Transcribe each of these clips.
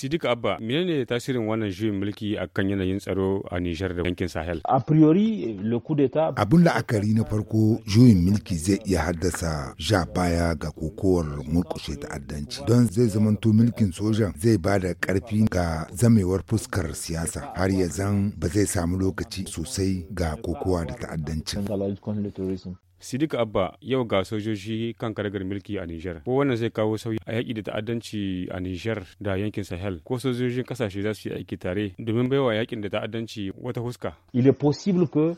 Sidik Abba, menene tasirin wannan juyin mulki a kan yanayin tsaro a Nijar da yankin Sahel? A priori, Abun la'akari na farko juyin mulki zai iya haddasa ja baya ga kokowar murkushe ta'addanci. Don zai zamanto mulkin sojan zai ba da ƙarfi ga zamewar fuskar siyasa har ya zan ba zai samu lokaci sosai ga kokowa da ta'addanci. Sidika Abba yau ga sojoji kan karagar milki a Nijar. Ko wannan zai kawo sauyi a yaƙi da ta'addanci a Nijar da yankin Sahel. Ko sojojin kasashe za su yi aiki tare domin wa yaƙin da ta'addanci wata huska.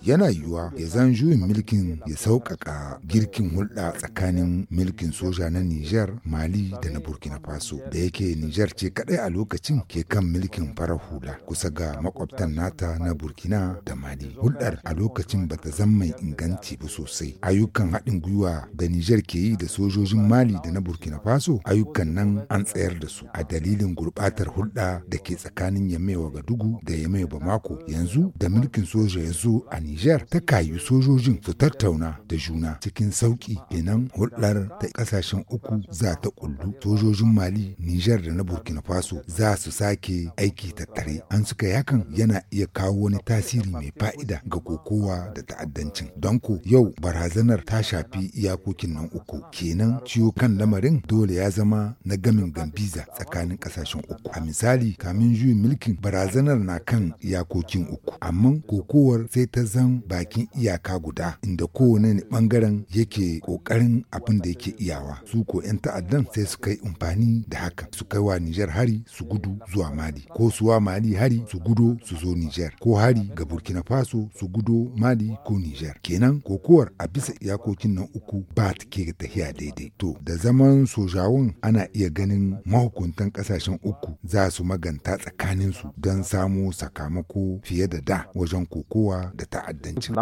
Yana yiwuwa ya zan juyin mulkin ya sauƙaƙa girkin hulɗa tsakanin mulkin soja na Nijar, Mali da na Burkina Faso. Da yake Nijar ce kaɗai a lokacin ke kan mulkin farar hula kusa ga makwabtan nata na Burkina da Mali. Hulɗar a lokacin bata zan mai inganci ba sosai. ayyukan haɗin gwiwa da Nijar ke yi da sojojin Mali da na Burkina Faso ayyukan nan an tsayar da su a dalilin gurɓatar hulɗa da ke tsakanin ga Wagadugu da Yamai Bamako yanzu da mulkin soja ya zo a Nijar ta kayu sojojin su tattauna da juna cikin sauƙi kenan hulɗar ta ƙasashen uku za ta kullu sojojin Mali Nijar da na Burkina Faso za su sake aiki tattare an suka yakan yana iya kawo wani tasiri mai fa'ida ga kokowa da ta'addancin don ko yau barazan barazanar ta shafi iyakokin nan uku kenan ciwo kan lamarin dole ya zama na gamin gambiza tsakanin kasashen uku a misali kamin juyin mulkin barazanar na kan iyakokin uku amma kokowar sai ta zan bakin iyaka guda inda kowane bangaren yake kokarin abin da yake iyawa su ko 'yan ta'addan sai su kai amfani da haka su kai wa Nijar hari su gudu zuwa Mali ko su wa Mali hari su gudo su zo Nijar ko hari ga Burkina Faso su gudo Mali ko Nijar kenan kokowar a bisa bisa iyakokin nan uku ba ta ke tafiya daidai to da zaman sojawun ana iya ganin mahukuntan kasashen uku za su maganta tsakaninsu don samu sakamako fiye da da wajen kokowa da ta'addanci.